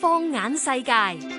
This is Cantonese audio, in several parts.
放眼世界。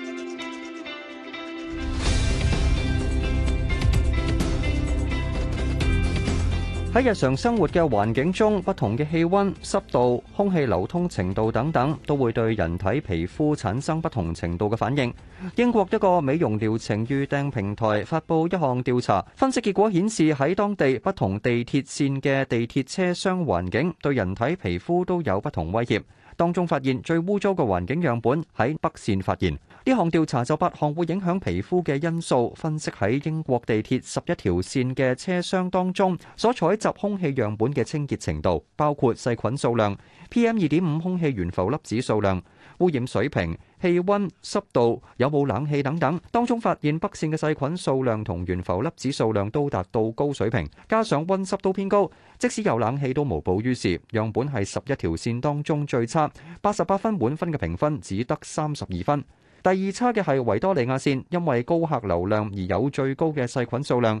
在日常生活嘅環境中，不同嘅氣溫、濕度、空氣流通程度等等都會對人體皮膚產生不同程度嘅反應。英國一個美容療程預訂平台發佈一項調查，分析結果顯示喺當地不同地鐵綫嘅地鐵車廂環境對人體皮膚都有不同威脅。當中發現最污糟嘅環境樣本喺北線發現。呢項調查就八項會影響皮膚嘅因素，分析喺英國地鐵十一條線嘅車廂當中所採集空氣樣本嘅清潔程度，包括細菌數量、PM 二點五空氣懸浮粒子數量、污染水平。氣温、濕度、有冇冷氣等等，當中發現北線嘅細菌數量同懸浮粒子數量都達到高水平，加上温濕度偏高，即使有冷氣都無補於事。樣本係十一條線當中最差，八十八分滿分嘅評分只得三十二分。第二差嘅係維多利亞線，因為高客流量而有最高嘅細菌數量。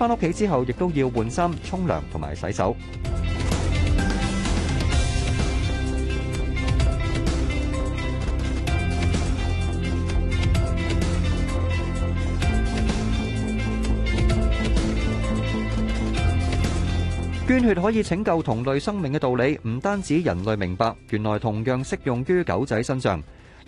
翻屋企之後，亦都要換衫、沖涼同埋洗手。捐血可以拯救同類生命嘅道理，唔單止人類明白，原來同樣適用於狗仔身上。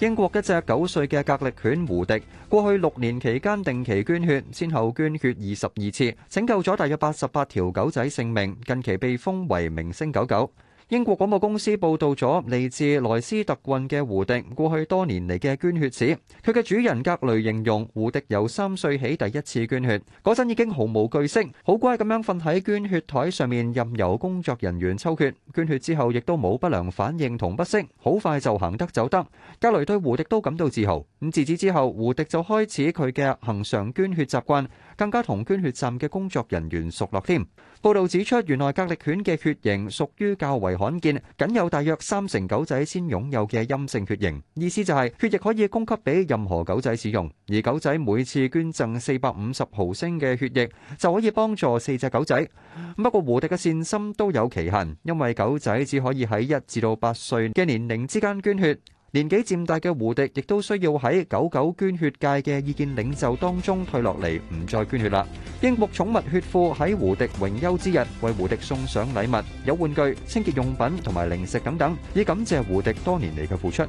英國一隻九歲嘅格力犬胡迪，過去六年期間定期捐血，先後捐血二十二次，拯救咗大約八十八條狗仔性命，近期被封為明星狗狗。英國廣播公司報道咗嚟自萊斯特郡嘅胡迪過去多年嚟嘅捐血史。佢嘅主人格雷形容胡迪由三歲起第一次捐血，嗰陣已經毫無懼色，好乖咁樣瞓喺捐血台上面任由工作人員抽血。捐血之後亦都冇不良反應同不適，好快就行得走得。格雷對胡迪都感到自豪。咁自此之後，胡迪就開始佢嘅恒常捐血習慣，更加同捐血站嘅工作人員熟絡添。報道指出，原來格力犬嘅血型屬於較為罕見，僅有大約三成狗仔先擁有嘅陰性血型。意思就係血液可以供給俾任何狗仔使用，而狗仔每次捐贈四百五十毫升嘅血液就可以幫助四隻狗仔。不過胡迪嘅善心都有期限，因為狗仔只可以喺一至到八歲嘅年齡之間捐血。年紀漸大嘅胡迪亦都需要喺狗狗捐血界嘅意見領袖當中退落嚟，唔再捐血啦。英國寵物血庫喺胡迪榮休之日，為胡迪送上禮物，有玩具、清潔用品同埋零食等等，以感謝胡迪多年嚟嘅付出。